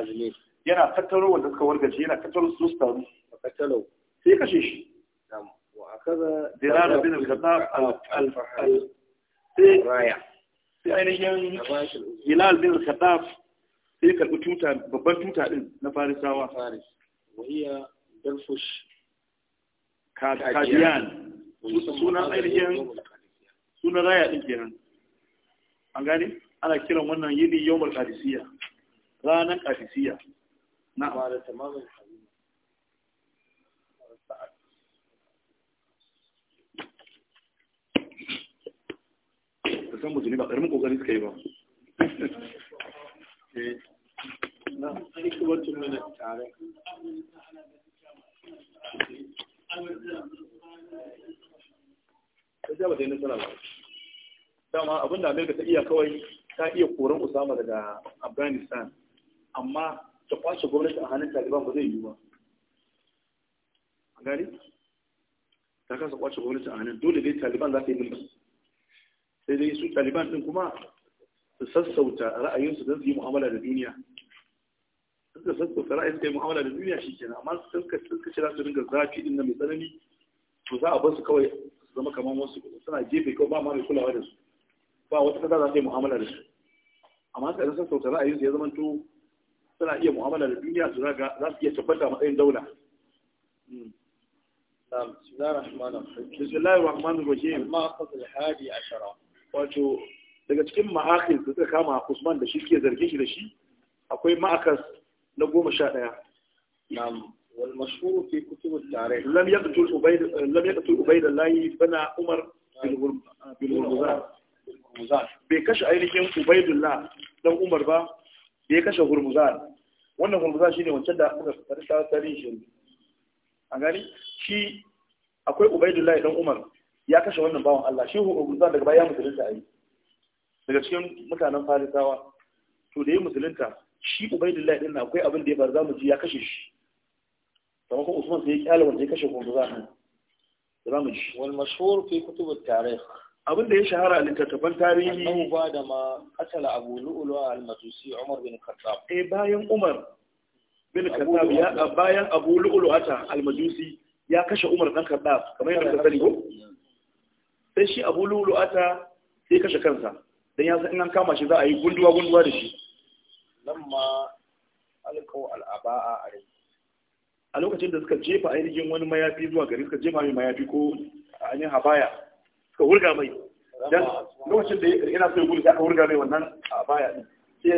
yana tattaro wanda suka wargaje yana tattaro su su taru katalo sai kashe shi wa akaza dirara bin al-khattab al sai raya sai ainihin hilal bin al-khattab sai karbi tuta babban tuta din na farisawa faris wahiya darfush kadiyan sunan ainihin sunan raya din kenan an gane ana kiran wannan yini yawmul qadisiyya ranan qadisiyya نعم بعد تمام الحديث san musulmi ba ƙaramin ƙoƙari suka yi ba na tare ta ba dama abinda amerika ta iya kawai ta iya koran usama daga afghanistan amma ta kwace gwamnati a hannun taliban ba zai yiwu ba a gari ta kasa kwace gwamnati a hannun dole dai taliban za ta yi mulki sai dai su taliban din kuma su sassauta ra'ayinsu don su yi mu'amala da duniya suka sassauta ra'ayin su yi mu'amala da duniya shi kenan amma sun ka ce za su dinga zafi din na mai tsanani to za a bar su kawai su zama kamar wasu suna gefe kawai ba ma mai kulawa da su ba wata kasa za ta yi mu'amala da su amma suka sassauta ra'ayinsu ya zama to suna iya mu'amala da duniya su raga za su iya tabbata matsayin daula bismillahir rahmanir rahim ma hadi ashara wato daga cikin ma'akil da suka kama Usman da shi ke zargin shi da shi akwai ma'akas na goma sha ɗaya na'am wal mashhur fi kutub at-tarikh lam yaqtul ubayd lam yaqtul ubayd Allah bana Umar bin Hurmuzar. bai kashe ainihin UbaidulLah dan Umar ba bai kashe Hurmuzar. wannan gurguza shi ne wancan da muka karsa yi shi a gani shi akwai ubaidullahi dan umar ya kashe wannan bawan Allah shi gurguza daga baya musulunta a yi daga cikin mutanen farisawa to da yi musulunta shi ubaidullahi din akwai abin da ya bar zamu ji ya kashe shi kamar ko usman sai ya kyale wanda ya kashe gurguza nan mu ji Wani mashhur fi kutubar tarihi abin da ya shahara a littattafan tarihi annahu ba da ma qatala abu lu'lu al-majusi umar bin khattab eh bayan umar bin khattab ya bayan abu lu'ulu ata al-majusi ya kashe umar dan khattab kamar yadda ka sani ko sai shi abu lu'lu ata sai kashe kansa dan ya san in an kama shi za a yi gunduwa gunduwa da shi lamma alqaw al-aba'a alayhi a lokacin da suka jefa ainihin wani mayafi zuwa gari suka jefa mai mayafi ko ainihin habaya ka wurga mai dan lokacin da yana so ya gudu ka wurga mai wannan a baya din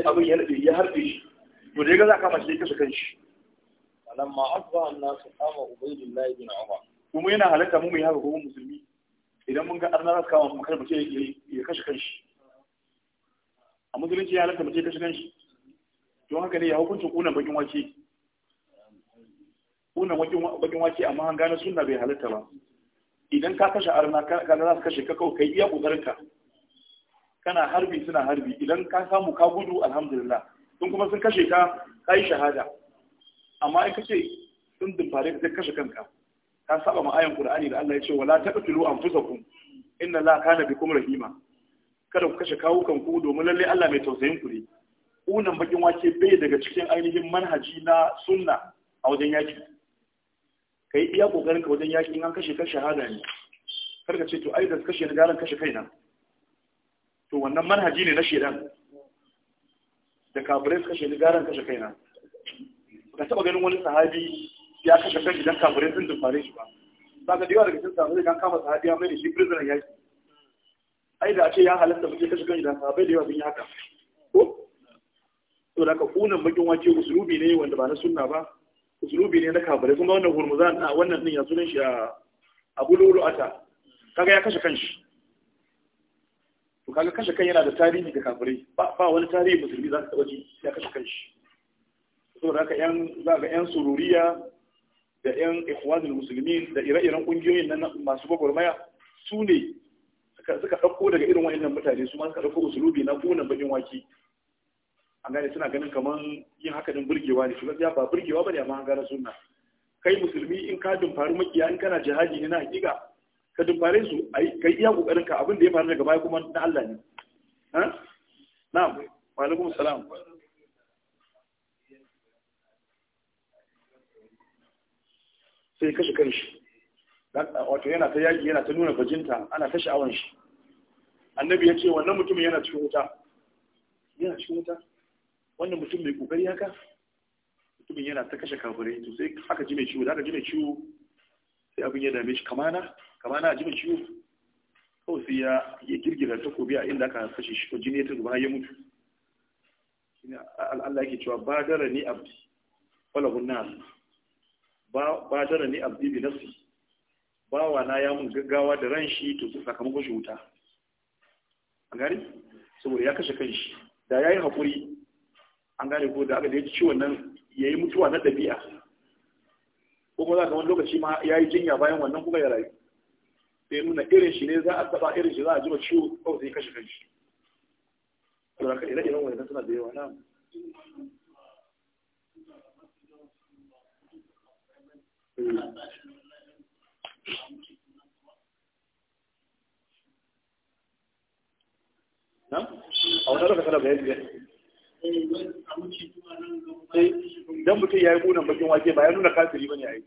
sai abin ya nade ya harbe shi to da ga za ka kama shi ya kashe kanshi lamma asba annasu qama ubaydullah ibn umar kuma yana halatta mu mai haka ko musulmi idan mun ga arna za su kama mu kar mu ce ya kashe kanshi a musulunci ya halatta mu ce kashe kanshi don haka ne ya hukuncin kuna bakin wace kunan bakin wake amma an gane sunna bai halatta ba idan ka kashe arna ka za su kashe ka kawai kai iya kokarinka kana harbi suna harbi idan ka samu ka gudu alhamdulillah sun kuma sun kashe ka ka yi shahada amma in kace sun dumfare ka kashe kanka ka saba ma qur'ani da Allah ya ce wala taqtulu anfusakum inna la kana bikum rahima kada ku kashe kawukan ku domin lalle Allah mai tausayin ku ne unan bakin wake bai daga cikin ainihin manhaji na sunna a wajen yaki ka yi iya ƙoƙarinka wajen yaƙi an kashe kan shahada ne kar ka ce to ai da kashe na garan kashe kaina to wannan manhaji ne na shedan da kafirai su kashe na garan kashe kaina ka taɓa ganin wani sahabi ya kashe kan idan kafirai sun dumfare shi ba za ka yawa daga cikin sahabi kan kama sahabi ya mai da shi prisoner yaƙi ai da a ce ya halatta mutum kashe kan idan sahabai da yawa sun yi haka to da ka kunan bakin wake usulubi ne wanda ba na sunna ba usulubi ne na kafirai kuma wannan hurmuzan a wannan din ya sunan shi a abu ata kaga ya kashe kanshi to kaga kashe kan yana da tarihi ga kafirai ba ba wani tarihi musulmi za ka taba ji ya kashe kanshi saboda haka yan za ga yan sururiya da yan ikhwanul muslimin da ire-iren kungiyoyin nan masu gwagwarmaya su ne suka dauko daga irin wa'annan mutane su ma suka dauko usulubi na kunan bakin waki an gane suna ganin kamar yin haka din burgewa ne shiga ba burgewa bane amma an gane sunna kai musulmi in ka dumfari makiya in kana jihadi ne na hakika ka dumfare su kai iya kokarin ka abin da ya faru daga baya kuma na Allah ne ha na wa alaikum salam sai kashe shi wato yana ta yaki yana ta nuna bajinta ana ta sha'awan shi annabi ya ce wannan mutumin yana cikin wuta yana cikin wuta wannan mutum mai kokari haka mutumin yana ta kashe kafirai to sai haka ji mai ciwo da aka ji mai ciwo sai abin ya dame shi kamana kamana a ji mai ciwo kawai sai ya ya girgira takobi a inda aka kashe shi ko jini ya zuba ya mutu Allah yake cewa badara ni abdi wala hunna ba badara ni abdi bi nafsi bawa na ya mun gaggawa da ran shi to sakamakon shi wuta a gari saboda ya kashe kanshi da yayi hakuri an gane ko da aka da ya ci ciwon nan ya yi mutuwa na ɗabi'a ko kuma za ka wani lokaci ma ya yi jinya bayan wannan kuma ya rayu sai nuna irin shi ne za a taɓa irin shi za a ji ma ciwo kawai sai kashe kanshi to da ka ire-iren wannan suna da yawa na نعم أو نرى كلام هذا dan mutum ya yi munan bakin wake ba ya nuna kafiri ba ne a yi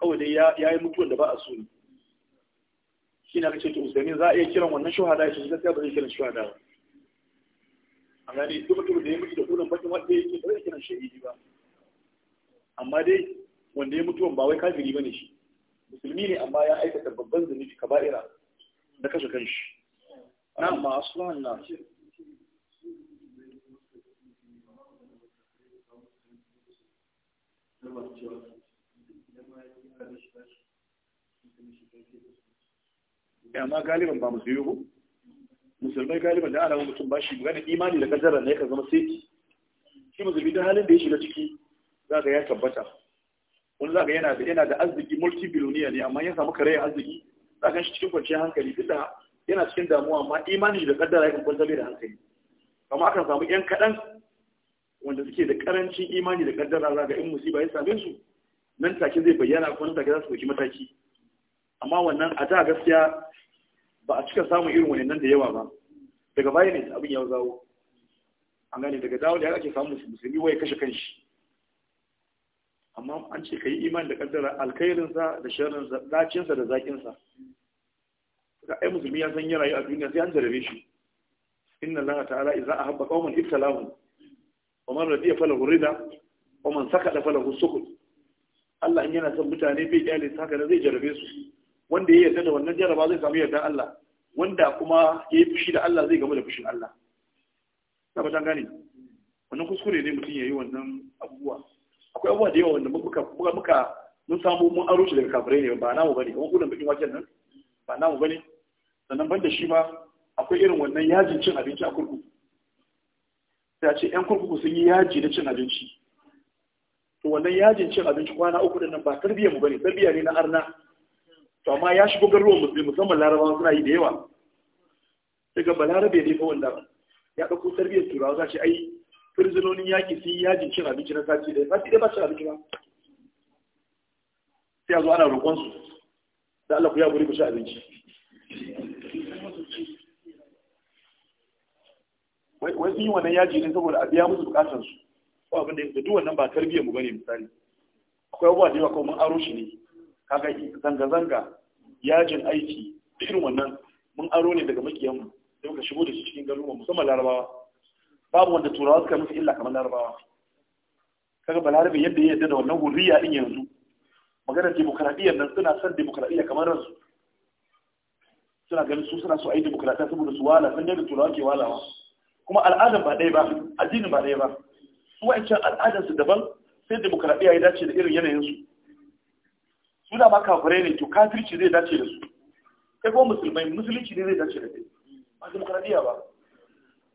kawai dai ya yi mutuwan da ba a so ne shi na kace to Musulmi za a iya kiran wannan shuhada shi gaskiya ba zai kiran shuhada ba a gani duk mutum da ya mutu da munan bakin wake yake ba zai kiran shahidi ba amma dai wanda ya mutuwan ba wai kafiri ba ne shi musulmi ne amma ya aikata babban zunubi kaba'ira da kashe kanshi na masu wannan na na eh, amma galiban ba musu yi ko musulmai galiban da ana mutum ba shi gani imani da kaddara ne ka zama sai shi musulmi ta halin da ya shiga ciki za ka ya tabbata wani za ka yana da yana da arziki multi biloniya ne amma ya samu kare karayar arziki za ka shi cikin kwanciyar hankali duk da yana cikin damuwa amma imani da kaddara yakan kwantar da hankali amma akan samu yan kaɗan wanda suke da karancin imani da kaddara za ga in musiba ya same su nan take zai bayyana ko nan take za su ɗauki mataki amma wannan a da gaskiya ba a cika samun irin wani nan da yawa ba daga baya ne abin ya zawo an gane daga dawo da ake samun musulmi wai kashe kanshi amma an ce ka yi imani da kaddara alkhairinsa da sharrinsa dacinsa da zakinsa ga ai musulmi ya san yi a duniya sai an jarabe shi inna allaha ta'ala idza ahabba qauman ibtalahum wa man radiya falahu rida wa man sakada falahu sukut Allah in yana son mutane bai kyale su haka zai jarabe su wanda ya yarda da wannan jaraba zai samu yarda Allah wanda kuma ya yi fushi da Allah zai gamu da fushin Allah saboda tan gane wannan kuskure ne mutum ya yi wannan abubuwa akwai abubuwa da yawa wanda muka muka mun samu mun aro shi daga kafirai ne ba namu bane kuma kullum bakin waken nan ba namu bane sannan banda shi ma akwai irin wannan yajin cin abinci a kurkuku ta ce yan kurkuku sun yi yaji na cin abinci to wannan yajin cin abinci kwana uku da nan ba tarbiyyar mu bane tarbiyya ne na arna to amma ya shigo garuruwan musulmi musamman larabawa suna yi da yawa daga balarabe ne fa wanda ya dauko tarbiyyar turawa za ce ai firzinonin yaki sun yi yajin cin abinci na sati da sati da ba cin abinci ba sai a zo ana roƙon su da Allah ku ya guri ku ci abinci wai sun yi wannan yaji ne saboda a biya musu bukatar su ko abin da ya duk wannan ba tarbiyyar mu bane misali akwai abubuwa da yawa ko mun aro shi ne kaga zanga zanga yajin aiki irin wannan mun aro ne daga makiyan mu sai muka shigo da shi cikin garuruwa musamman larabawa babu wanda turawa suka musu illa kamar larabawa kaga balarabe yadda ya yarda da wannan hurriya din yanzu maganar demokradiyyar nan suna son demokradiyya kamar ransu suna ganin su suna so a yi demokradiyya saboda su wala sun yadda turawa ke walawa kuma al'adar ba ɗaya ba addinin ba ɗaya ba su wa'ancan al'adar su daban sai demokradiyya ya dace da irin yanayin su su da ma kafirai ne to kafirci zai dace da su kai kuma musulmai musulunci ne zai dace da kai ba demokradiyya ba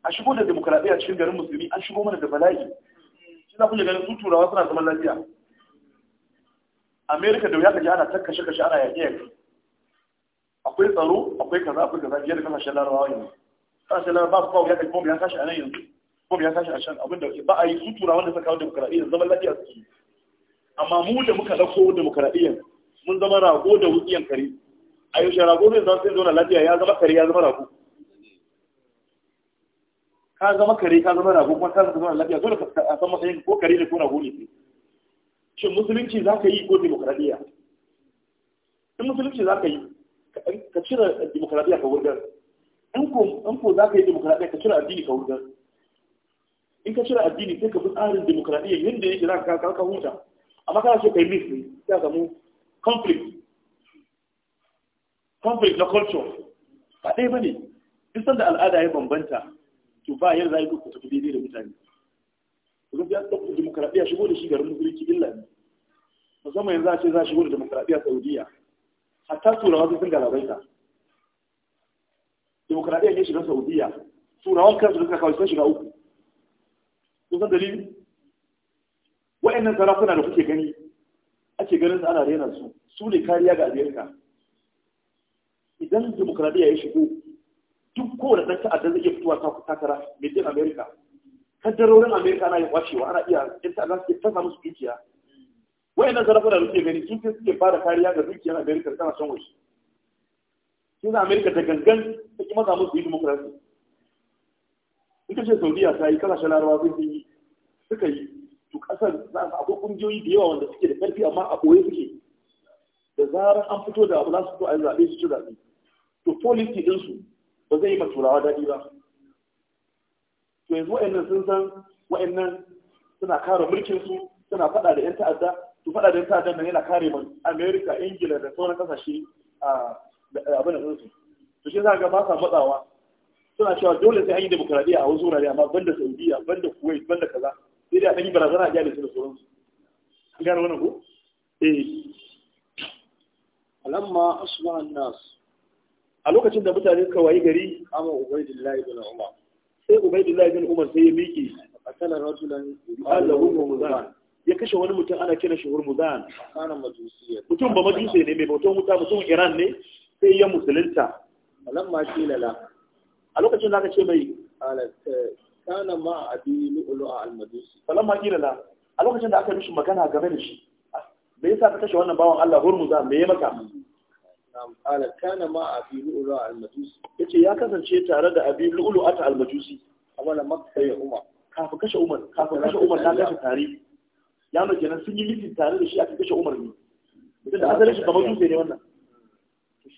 a shigo da demokradiyya cikin garin musulmi an shigo mana da bala'i shi za ku ganin su turawa suna zaman lafiya amerika da wuya ka ji ana ta kashe kashe ana yaƙe yaƙe akwai tsaro akwai kaza akwai kaza biyar da kasashen larabawa yanzu kasashen laraba su ba wuya kai bom ya tashi a nan yanzu bom ya tashi a can abinda ba a yi su tura wanda suka kawo demokaradiyyar zaman lafiya suke amma mu da muka ɗauko demokaradiyyar mun zama rago da wutsiyan kare a yau yaushe rago zai zama sai zauna lafiya ya zama kare ya zama rago ka zama kare ka zama rago kuma ka zama lafiya dole ka san matsayin ko kare ne ko rago ne shin musulunci za ka yi ko demokaradiyya in musulunci za ka yi ka cire demokaradiyya ka wurgar in ko za ka yi demokradiyya ka cire addini ka wurgar in ka cire addini sai ka bi tsarin demokradiyya yadda yake za ka ka huta amma kana so ka yi mix ne sai ka samu conflict conflict na culture ba ɗaya ba ne duk sanda al'ada ya bambanta to ba yadda za a yi ku tafi daidai da mutane kuma ya ɗauki demokradiyya shigo da shi garin musulunci illa ne musamman yanzu a ce za a shigo da demokradiyya saudiya hatta turawa sun galabaita demokradiyyar ne shiga saudiya turawan kansu da suka kawai sun shiga uku sun san dalili wa'annan sarakuna da kuke gani ake ganin su ana rena su su ne kariya ga amerika idan demokradiyya ya shigo duk kowane ɗan ta'adda zai iya fitowa takara mai jin amerika kaddarorin amerika ana yin kwacewa ana iya yan ta'adda suke ta samu su dukiya wa'annan sarakuna da kuke gani sun fi suke ba da kariya ga dukiyar amerika tana son wasu sun amerika da gangan ta ki maza musu yi demokrasi Ita ce saudiya ta yi kasashen larabawa sun yi suka yi to kasar za a akwai kungiyoyi da yawa wanda suke da karfi amma a ɓoye suke da zarar an fito da abu za su fito a yi zaɓe su ci zaɓe to policy ɗinsu ba zai yi ma turawa daɗi ba to yanzu wa'annan sun san wa'annan suna kare mulkinsu suna faɗa da 'yan ta'adda to faɗa da 'yan ta'adda nan yana kare ma amerika ingila da sauran ƙasashe a abin da su to shi za ga ba sa matsawa suna cewa dole sai an yi demokradiyya a wasu wurare amma banda saudiya banda kuwait banda kaza sai dai a yi barazana a gyara su da sauransu an gane wannan ko eh alamma asma an a lokacin da mutane suka wayi gari amma ubaidillah ibn umar sai ubaidillah ibn umar sai ya miƙe qatala rajulan yuqalu muzan ya kashe wani mutum ana kira shi hurmuzan kana majusiya mutum ba majusi ne mai bautan wuta mutum iran ne sai ya musulunta alam ma shi lala a lokacin da aka ce mai eh, kana ma abi lu'ulu a almadusi alam ma kila la a lokacin da aka mishi magana game da shi me yasa ka kashe wannan bawan Allah hurmuza me ya maka na'am ala kana ma abi lu'lu'a al-majusi yace ya kasance tare da abi lu'lu'a al-majusi awala makka ya umar kafin kashe umar kafin kashe umar ta kashe tare ya mace nan sun yi mitin tare da shi aka kashe umar ne mutum da asalin shi kamar dutse ne wannan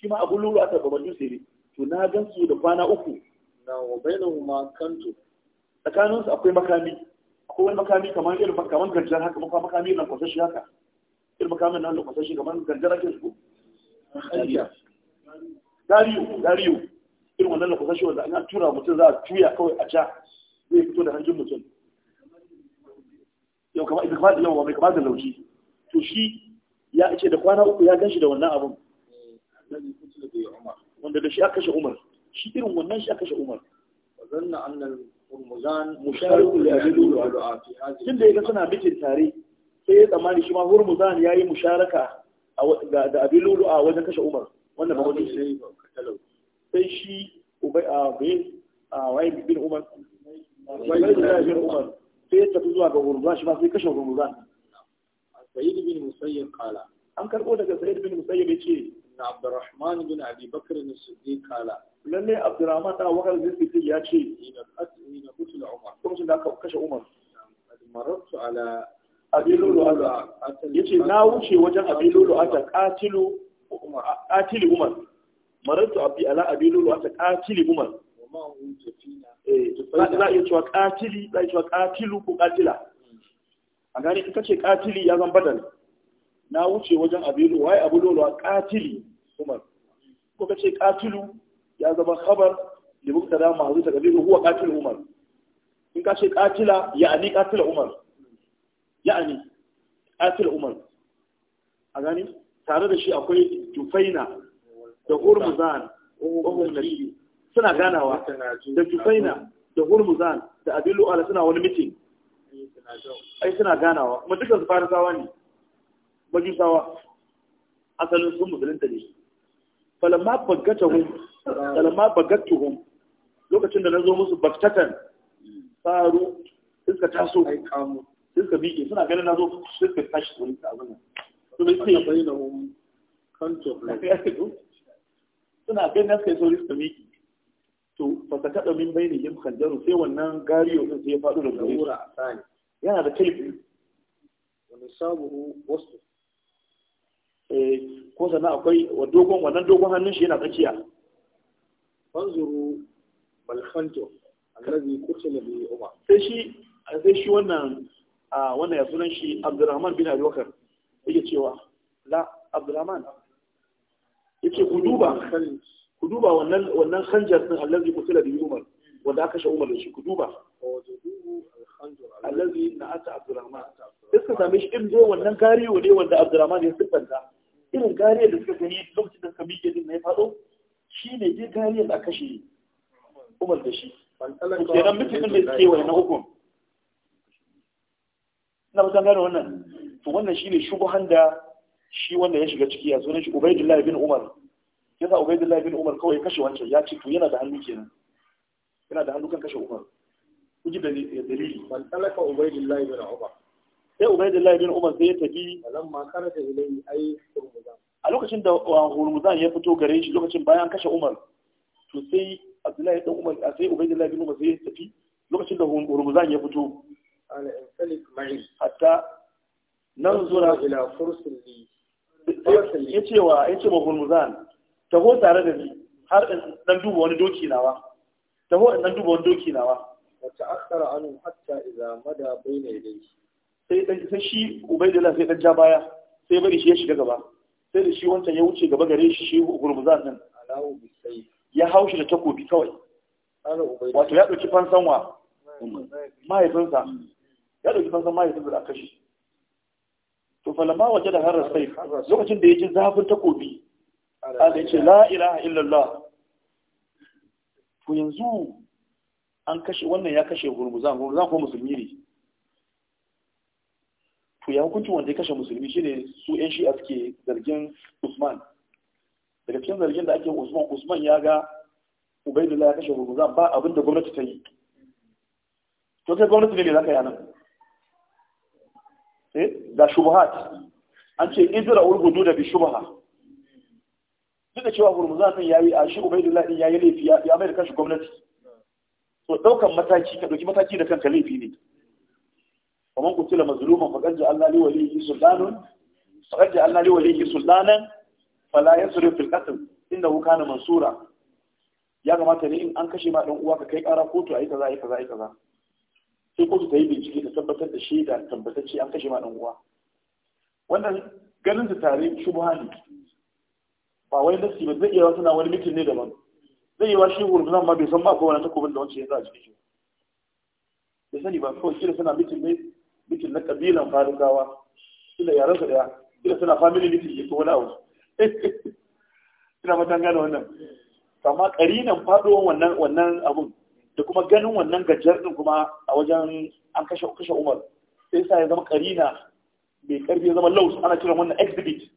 shi ma abu lura aka gaban dutse ne to na gan su da kwana uku na wa bainahuma kanto tsakanin su akwai makami akwai wani makami kamar irin kamar ganjar haka kuma makami nan kwasa shi haka irin makamin nan da kwasa shi kamar ganjar ake su dariyo dariyo irin wannan da kwasa shi wanda an tura mutum za a tuya kawai a ja zai fito da hanjin mutum yau kama da yau mai kama da lauci to shi ya ce da kwana uku ya shi da wannan abun wanda da shi aka kashe Umar shi irin wannan shi aka kashe Umar zanna annal hurmuzan mushariku li ajidu tun da yaga suna mijin tare sai ya tsammani shi ma hurmuzan yayi musharaka da abilulu a wajen kashe Umar wannan ba wani sai shi ubay a bin a wai bin Umar bin Umar sai ya tafi zuwa ga hurmuzan shi ma sai kashe hurmuzan an karbo daga sayyid bin musayyib yace na Abdurrahman bin Abi Bakr bin Siddiq kala lalle Abdurrahman da Abubakar bin Siddiq ya ce ina katni na kutul Umar kuma sun da aka kashe Umar marartu ala Abi Lulu'ata yace na wuce wajen Abi ala qatilu Umar qatili Umar marartu abi ala Abi Lulu'ata qatili Umar za a iya cewa katili za a iya cewa katilu ko katila a gane ita ce katili ya zan badal na wuce wajen abilu wai abu lolo katili umar ko kace katilu ya zama khabar da muka da ma zuwa kabilu huwa katil umar in ka ce katila ya'ani katil umar ya'ani katil umar a gani tare da shi akwai jufaina da hurmuzan ohun nabi suna ganawa da jufaina da hurmuzan da abilu ala suna wani mitin ai suna ganawa kuma dukkan su farisawa ne majusawa asalin sun musulunta ne falamma bagatahum falamma lokacin da na zo musu baktatan faru iska taso ai kamu iska bike suna ganin na zo iska tashi wani abin nan to bai sai na hum kanto (laughs) suna ganin sai iska bike to ba ka kada min ne yin kanjaro sai wannan gariyo din sai ya faɗo da gari yana da taifin. wani sabu wasu Eh, ko sannan akwai wa wannan dogon hannun shi yana tsakiya fanzuru balfanto allazi kutila bi umar sai shi sai shi wannan a wannan ya sunan shi abdurrahman bin abubakar yake cewa la abdurrahman yake ku duba ku duba wannan wannan khanjar din allazi kutila bi umar wanda aka sha umar da shi ku duba zai na'ata Abdulrahman. Iska same shi in zo wannan gariyo ne wanda abdurrahman ya siffanta irin gariyar da suka gani lokacin da suka miƙe din na ya faɗo shi ne je gariyar da aka kashe umar da shi kenan mutumin da suke wani na hukun na zan gane wannan to wannan shi ne shubuhan da shi wanda ya shiga ciki ya zo ne shi ubaidullahi bin umar ya sa ubaidullahi bin umar kawai kashe wancan ya ce to yana da hannu kenan yana da hannu kan kashe umar kuji da dalili man talaka ubaidullahi bin umar sai ubaidullahi bin umar sai ya tafi a lokacin da hurmuzan ya fito gare shi lokacin bayan kashe umar to sai abdullahi dan umar sai ubaidullahi bin umar sai ya tafi lokacin da hurmuzan ya fito hatta nan zura, ila fursun ya ce wa ya ce wa hurmuzan taho tare da ni har in dan duba wani doki nawa taho dan duba wani doki nawa wata akara anu hatta idza mada bayna yadayhi sai dan sai shi ubaidullah sai dan ja baya sai bari shi ya shiga gaba sai da shi wancan ya wuce gaba gare shi shi gurmuzan din ya haushi da takobi kawai wato ya ɗauki fansan wa mahaifinsa ya ɗauki fansan mahaifinsa da kashi to falama waje da harar sai lokacin da ya ji zafin takobi ala ya ce la ilaha illallah to yanzu an kashe wannan ya kashe gurbuzan gurbuzan ko musulmi ne to ya hukunci wanda ya kashe musulmi shine su yan shi'a suke zargin usman daga cikin zargin da ake usman usman ya ga ubaidullah ya kashe rubuzan ba abinda gwamnati ta yi to kai gwamnati ne za ka yi nan eh da shubuhat an ce izra urgudu da bi shubha duk da cewa hurmuzan din yayi a shi ubaidullah din yayi laifi ya mai da kashe gwamnati to daukan mataki ka dauki mataki da kanka laifi ne ومن قتل مظلوما فقد جعلنا لوليه سلطانا فقد جعلنا لوليه سلطانا فلا يسرف في القتل انه كان منصورا ya kamata ne in an kashe ma dan uwa ka kai ƙara kotu a yi kaza a yi kaza a yi kaza sai kotu ta yi bincike ta tabbatar da shaida tabbatacce an kashe ma dan uwa wannan ganin su tare shubha ne ba wai nasi ba zai iya suna wani mitin ne daban zai yi wa shi hurzan ma bai san ba ko wani takobin da wancan ya za a cikin shi bai sani ba kawai shi da suna mitin ne mutum na kabilan farukawa kila yaran su daya ina suna family mitin ya fi wani abu (laughs) ina matan gane wannan amma karinan faduwan wannan wannan abun da kuma ganin wannan gajiyar din kuma a wajen an kashe kashe Umar sai sa ya zama karina mai karfi ya zama laus ana kiran wannan exhibit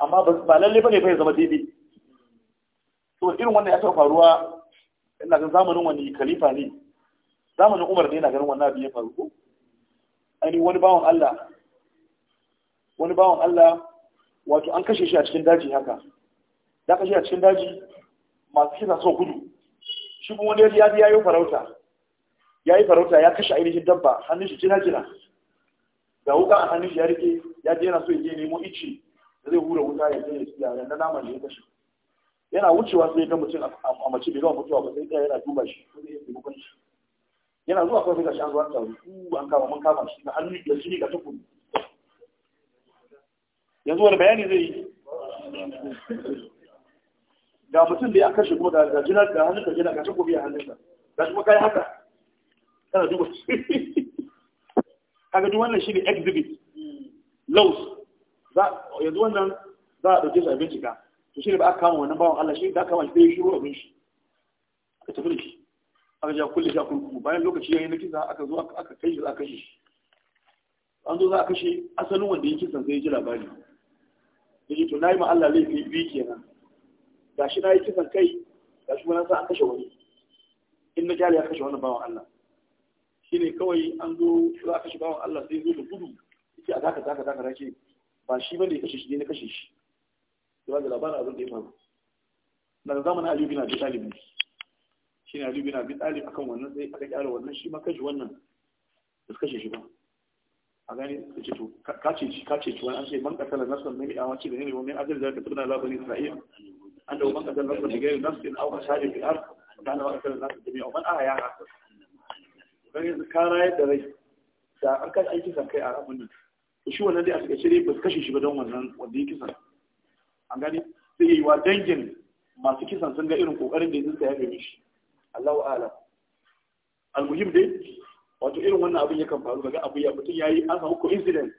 amma ba lalle bane bai zama daidai to irin wannan ya taɓa faruwa ina ga zamanin wani khalifa ne zamanin Umar ne yana ganin wannan abin ya faru ko ani wani bawan Allah wani bawan Allah wato an kashe shi a cikin daji haka da kashe a cikin daji masu kisa so gudu shi kuma wani ya ya yi farauta ya yi farauta ya kashe ainihin dabba hannun shi jina jina da wuka a hannun shi ya rike ya je yana so ya nemo ici da zai hura wuta ya je ya siya ran na naman da ya kashe yana wucewa sai ga mutum a mace bai gama mutuwa ba sai ya yana duba shi ko zai yi taimakon shi yana zuwa kawai ga shan ruwan tauri ku an kama mun kama shi na hannu da shi ga tukun yanzu wani bayani zai yi ga mutum da ya kashe kuma ga da hannun ka gina ga tukun a hannun ka ga kuma kai haka kana duba (laughs) kaga duk wannan shi ne exhibit laws yanzu wannan za a ɗauke shi a bincika to shi ne ba aka kama wannan bawan Allah shi da aka kama shi ɗaya shiru abin shi aka tafi da shi aka ja kulle a kurkuku bayan lokaci yayi na kisa aka zo aka kai shi aka kashe shi an zo za a kashe asalin wanda ya kisan sai ya ji labari ya ce to na yi ma Allah laifi biyu kenan gashi na yi kisan kai gashi kuma na sa an kashe wani in na jali ya kashe wani bawan Allah shi ne kawai an zo za a kashe bawan Allah sai zo da gudu yake a zaka zaka zaka rake ba shi bane ya kashe shi ne na kashe shi da labarin abin da ya faru daga zamanin Aliyu bin Abi Talib shi ne alibi na bitali akan wannan sai aka kyara wannan shi ma kaji wannan da kashe shi ba a gani su ce to kace shi kace shi wani an ce man kasala nasan mai awa ce da ne mai azal da ka tuna labarin isra'il an da man kasala nasan daga yin nasan au asali fi ar da na kasala nasan da mai man aya ya haka gani ka rayar da rai da an kai aiki san kai a abin nan shi wannan dai a cikin shirye ba su kashe shi ba don wannan wanda ya kisa an gani sai yi wa dangin masu kisan sun ga irin kokarin da ya zuta ya shi Allahu a'lam almuhim dai wato irin wannan abin yakan faru daga abu ya mutum yayi an samu coincidence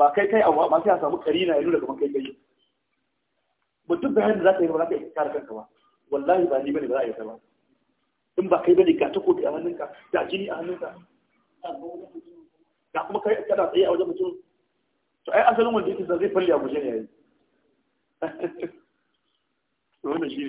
ba kai kai abu ba sai a samu karina ya nuna kamar kai kai mutum bayan da za ka yi ba za ka yi kare kanka ba wallahi ba ni bane ba za a yi ta ba in ba kai bane ga takobi a hannunka ga jini a hannunka ga kuma kai kada tsaye a wajen mutum to ai asalin wanda yake zai falle a guje ne yayi (laughs) wannan ne.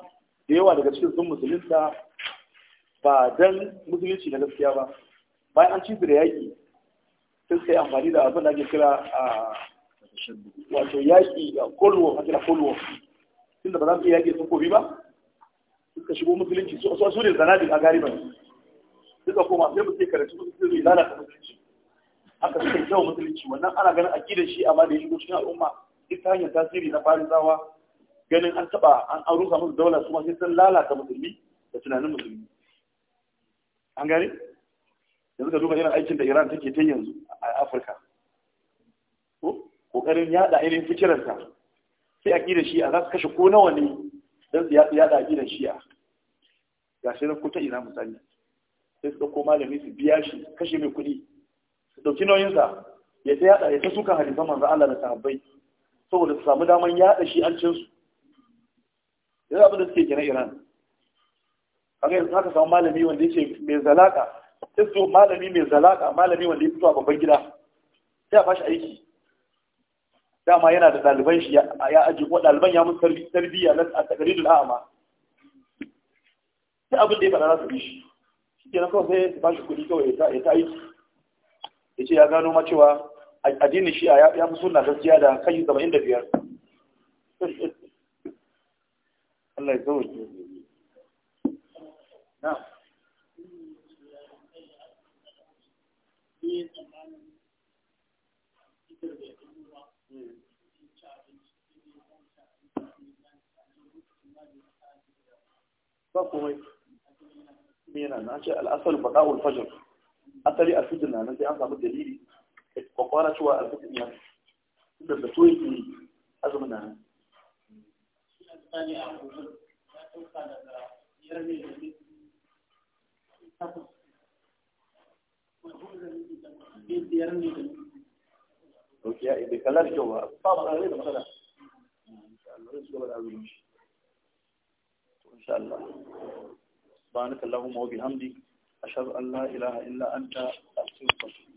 da yawa daga cikin sun musulunta ba dan musulunci na gaskiya ba bayan an ci da yaƙi sai suka amfani da abin da ake kira a wato yaƙi a kolwo a kira kolwo tunda ba za su iya yaƙi sun kobi ba suka shigo musulunci su su ne zanadin a gariban suka koma sai mu sai karatu musulunci zai lalata musulunci haka suka yi kyau musulunci wannan ana ganin aƙidar shi amma da ya shigo cikin al'umma ita hanyar tasiri na farisawa ganin an taba an an musu daula kuma sai sun lalata musulmi da tunanin musulmi an gane yanzu ka duba irin aikin da Iran take ta yanzu a Afirka ko kokarin yada irin fikiranta sai akidar shi za su kashe ko nawa ne don su yada shi a ga shi ko ta ina misali sai su ɗauko malami su biya shi kashe mai kuɗi su ɗauki nauyinsa ya ta yada ya ta suka hadisan manzo Allah da sahabbai saboda su samu daman yada shi an cin su yanzu abin da suke gina iran kaga yanzu haka samu malami wanda yake mai zalaka sai su malami mai zalaka malami wanda ya fito a babban gida sai a bashi aiki dama yana da ɗaliban shi ya aji ko ɗaliban ya musu tarbiyya na a da a'ama sai abin da ya faɗa za su bi shi shi ke kawai sai ya bashi kuɗi kawai ya ta aiki ya ce ya gano ma cewa addinin shi ya fi suna gaskiya da yi saba'in da biyar الله يزوج نعم. نعم الأصل بقاء الفجر أصلي الفجر أنا زي أنصح دليلي وقالت هو الفجر يعني بدأت توي أزمنا sani a kullum ya tuka daga biyar ne da ne ya سبحانك اللهم وبحمدك أشهد أن لا إله إلا أنت أستغفرك